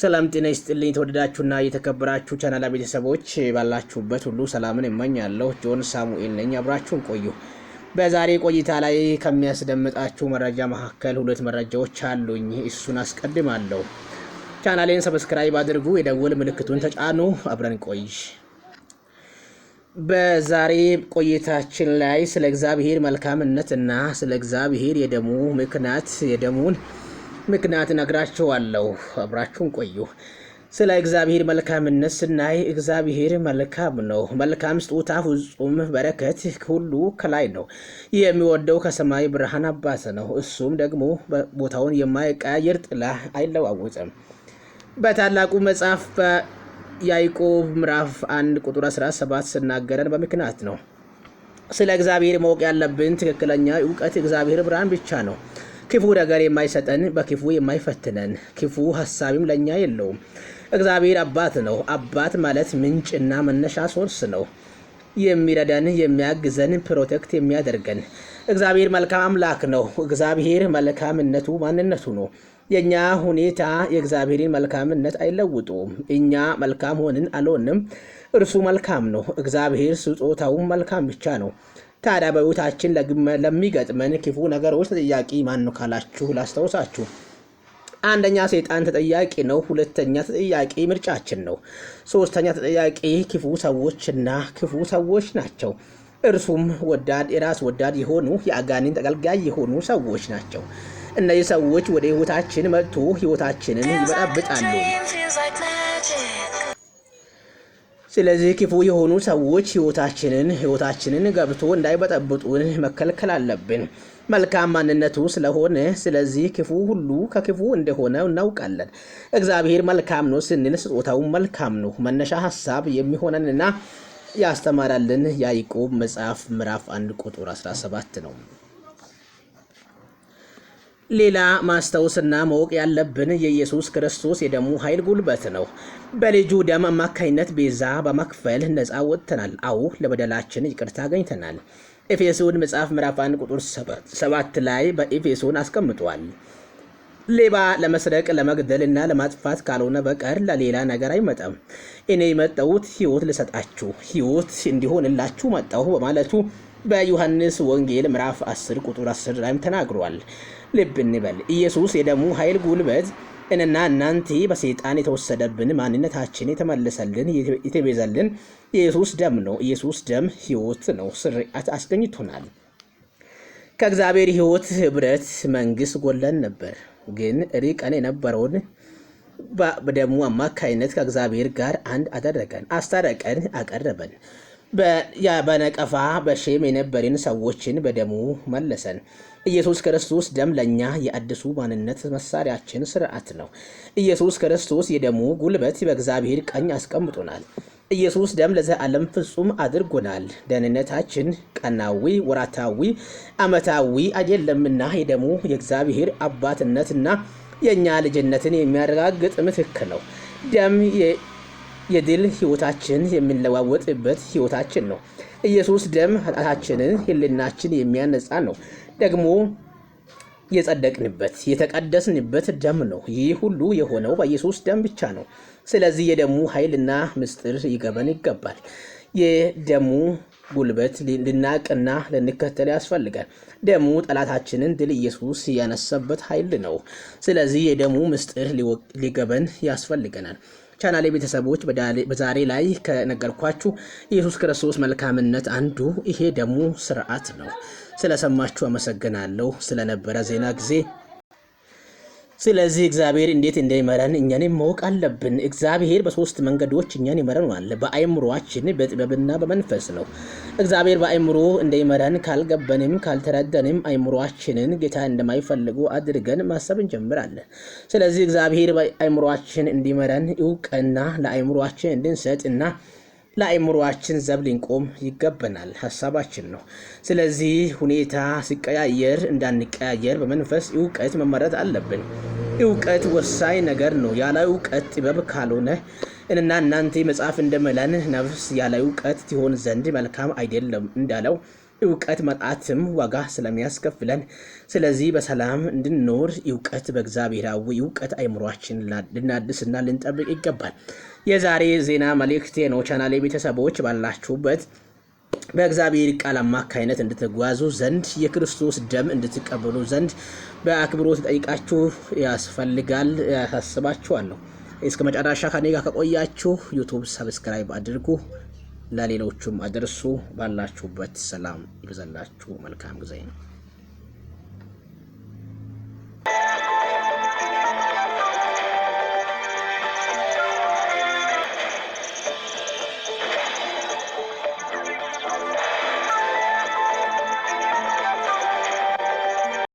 ሰላም ጤና ይስጥልኝ። የተወደዳችሁና የተከበራችሁ ቻናላ ቤተሰቦች ባላችሁበት ሁሉ ሰላምን እመኛለሁ። ጆን ሳሙኤል ነኝ። አብራችሁን ቆዩ። በዛሬ ቆይታ ላይ ከሚያስደምጣችሁ መረጃ መካከል ሁለት መረጃዎች አሉኝ። እሱን አስቀድማለሁ። ቻናሌን ሰብስክራይብ አድርጉ፣ የደወል ምልክቱን ተጫኑ። አብረን ቆይ። በዛሬ ቆይታችን ላይ ስለ እግዚአብሔር መልካምነት እና ስለ እግዚአብሔር የደሙ ምክንያት የደሙን ምክንያት ነግራችኋለሁ። አብራችሁን ቆዩ። ስለ እግዚአብሔር መልካምነት ስናይ እግዚአብሔር መልካም ነው። መልካም ስጦታ ፍጹም በረከት ሁሉ ከላይ ነው። የሚወደው ከሰማይ ብርሃን አባት ነው። እሱም ደግሞ ቦታውን የማይቀያየር ጥላ አይለዋወጥም። በታላቁ መጽሐፍ በያዕቆብ ምዕራፍ 1 ቁጥር 17 ስናገረን በምክንያት ነው። ስለ እግዚአብሔር ማወቅ ያለብን ትክክለኛ እውቀት እግዚአብሔር ብርሃን ብቻ ነው። ክፉ ነገር የማይሰጠን በክፉ የማይፈትነን ክፉ ሀሳቢም ለእኛ የለውም። እግዚአብሔር አባት ነው። አባት ማለት ምንጭና መነሻ ሶርስ ነው። የሚረዳን የሚያግዘን፣ ፕሮቴክት የሚያደርገን እግዚአብሔር መልካም አምላክ ነው። እግዚአብሔር መልካምነቱ ማንነቱ ነው። የእኛ ሁኔታ የእግዚአብሔርን መልካምነት አይለውጡም። እኛ መልካም ሆንን አልሆንም፣ እርሱ መልካም ነው። እግዚአብሔር ስጦታውም መልካም ብቻ ነው። ታዲያ በሕይወታችን ለሚገጥመን ክፉ ነገሮች ተጠያቂ ማን ነው ካላችሁ ላስታውሳችሁ። አንደኛ ሰይጣን ተጠያቂ ነው። ሁለተኛ ተጠያቂ ምርጫችን ነው። ሶስተኛ ተጠያቂ ክፉ ሰዎችና ክፉ ሰዎች ናቸው። እርሱም ወዳድ የራስ ወዳድ የሆኑ የአጋኒን ተገልጋይ የሆኑ ሰዎች ናቸው። እነዚህ ሰዎች ወደ ህይወታችን መጥቶ ህይወታችንን ይበጣብጣሉ። ስለዚህ ክፉ የሆኑ ሰዎች ህይወታችንን ህይወታችንን ገብቶ እንዳይበጠብጡን መከልከል አለብን። መልካም ማንነቱ ስለሆነ ስለዚህ ክፉ ሁሉ ከክፉ እንደሆነ እናውቃለን። እግዚአብሔር መልካም ነው ስንል ስጦታው መልካም ነው መነሻ ሀሳብ የሚሆነንና ያስተማራልን ያዕቆብ መጽሐፍ ምዕራፍ 1 ቁጥር 17 ነው። ሌላ ማስታወስና ማወቅ ያለብን የኢየሱስ ክርስቶስ የደሙ ኃይል ጉልበት ነው። በልጁ ደም አማካኝነት ቤዛ በመክፈል ነፃ ወጥተናል። አዎ ለበደላችን ይቅርታ አገኝተናል። ኤፌሶን መጽሐፍ ምዕራፍ 1 ቁጥር 7 ላይ በኤፌሶን አስቀምጧል። ሌባ ለመስረቅ ለመግደል እና ለማጥፋት ካልሆነ በቀር ለሌላ ነገር አይመጣም። እኔ የመጣሁት ሕይወት ልሰጣችሁ ሕይወት እንዲሆንላችሁ መጣሁ በማለቱ በዮሐንስ ወንጌል ምዕራፍ 10 ቁጥር 10 ላይም ተናግሯል። ልብ እንበል ኢየሱስ የደሙ ኃይል ጉልበት እኔና እናንተ በሰይጣን የተወሰደብን ማንነታችን የተመለሰልን የተቤዘልን የኢየሱስ ደም ነው። ኢየሱስ ደም ህይወት ነው፣ ስርዓት አስገኝቶናል። ከእግዚአብሔር ህይወት ህብረት መንግስት ጎለን ነበር፣ ግን ርቀን የነበረውን በደሙ አማካይነት ከእግዚአብሔር ጋር አንድ አደረገን፣ አስታረቀን፣ አቀረበን። በነቀፋ በሼም የነበርን ሰዎችን በደሙ መለሰን። ኢየሱስ ክርስቶስ ደም ለእኛ የአዲሱ ማንነት መሳሪያችን ስርዓት ነው። ኢየሱስ ክርስቶስ የደሙ ጉልበት በእግዚአብሔር ቀኝ አስቀምጦናል። ኢየሱስ ደም ለዘላለም ፍጹም አድርጎናል። ደህንነታችን ቀናዊ፣ ወራታዊ፣ ዓመታዊ አይደለምና የደሙ የእግዚአብሔር አባትነትና የእኛ ልጅነትን የሚያረጋግጥ ምትክ ነው። ደም የድል ህይወታችን የሚለዋወጥበት ህይወታችን ነው። ኢየሱስ ደም ኃጢአታችንን ህልናችን የሚያነጻ ነው። ደግሞ የጸደቅንበት የተቀደስንበት ደም ነው። ይህ ሁሉ የሆነው በኢየሱስ ደም ብቻ ነው። ስለዚህ የደሙ ኃይልና ምስጢር ይገበን ይገባል። የደሙ ጉልበት ልናቅና ልንከተል ያስፈልጋል። ደሙ ጠላታችንን ድል ኢየሱስ ያነሰበት ኃይል ነው። ስለዚህ የደሙ ምስጢር ሊገበን ያስፈልገናል። ቻናሌ ቤተሰቦች በዛሬ ላይ ከነገርኳችሁ ኢየሱስ ክርስቶስ መልካምነት አንዱ ይሄ ደግሞ ስርዓት ነው። ስለሰማችሁ አመሰግናለሁ። ስለነበረ ዜና ጊዜ ስለዚህ እግዚአብሔር እንዴት እንደሚመራን እኛንም ማወቅ አለብን። እግዚአብሔር በሶስት መንገዶች እኛን ይመረናል። በአይምሮችን፣ በጥበብና በመንፈስ ነው። እግዚአብሔር በአይምሮ እንደሚመራን ካልገበንም ካልተረዳንም አእምሮአችንን ጌታ እንደማይፈልጉ አድርገን ማሰብ እንጀምራለን። ስለዚህ እግዚአብሔር በአይምሮችን እንዲመረን እውቅና ለአይምሮችን እንድንሰጥና ለአእምሯችን ዘብ ልንቆም ይገባናል ሀሳባችን ነው። ስለዚህ ሁኔታ ሲቀያየር እንዳንቀያየር በመንፈስ እውቀት መመረት አለብን። እውቀት ወሳኝ ነገር ነው። ያለ እውቀት ጥበብ ካልሆነ እና እናንተ መጽሐፍ እንደመለን ነፍስ ያለ እውቀት ትሆን ዘንድ መልካም አይደለም እንዳለው እውቀት መጣትም ዋጋ ስለሚያስከፍለን፣ ስለዚህ በሰላም እንድንኖር እውቀት በእግዚአብሔራዊ እውቀት አይምሯችን ልናድስና ልንጠብቅ ይገባል። የዛሬ ዜና መልእክቴ ነው። ቻናሌ ቤተሰቦች ባላችሁበት በእግዚአብሔር ቃል አማካይነት እንድትጓዙ ዘንድ የክርስቶስ ደም እንድትቀበሉ ዘንድ በአክብሮት ጠይቃችሁ ያስፈልጋል። ያሳስባችኋለሁ። እስከ መጨረሻ ከኔ ጋር ከቆያችሁ ዩቱብ ሰብስክራይብ አድርጉ። ለሌሎቹም አድርሱ። ባላችሁበት ሰላም ይብዛላችሁ። መልካም ጊዜ ነው።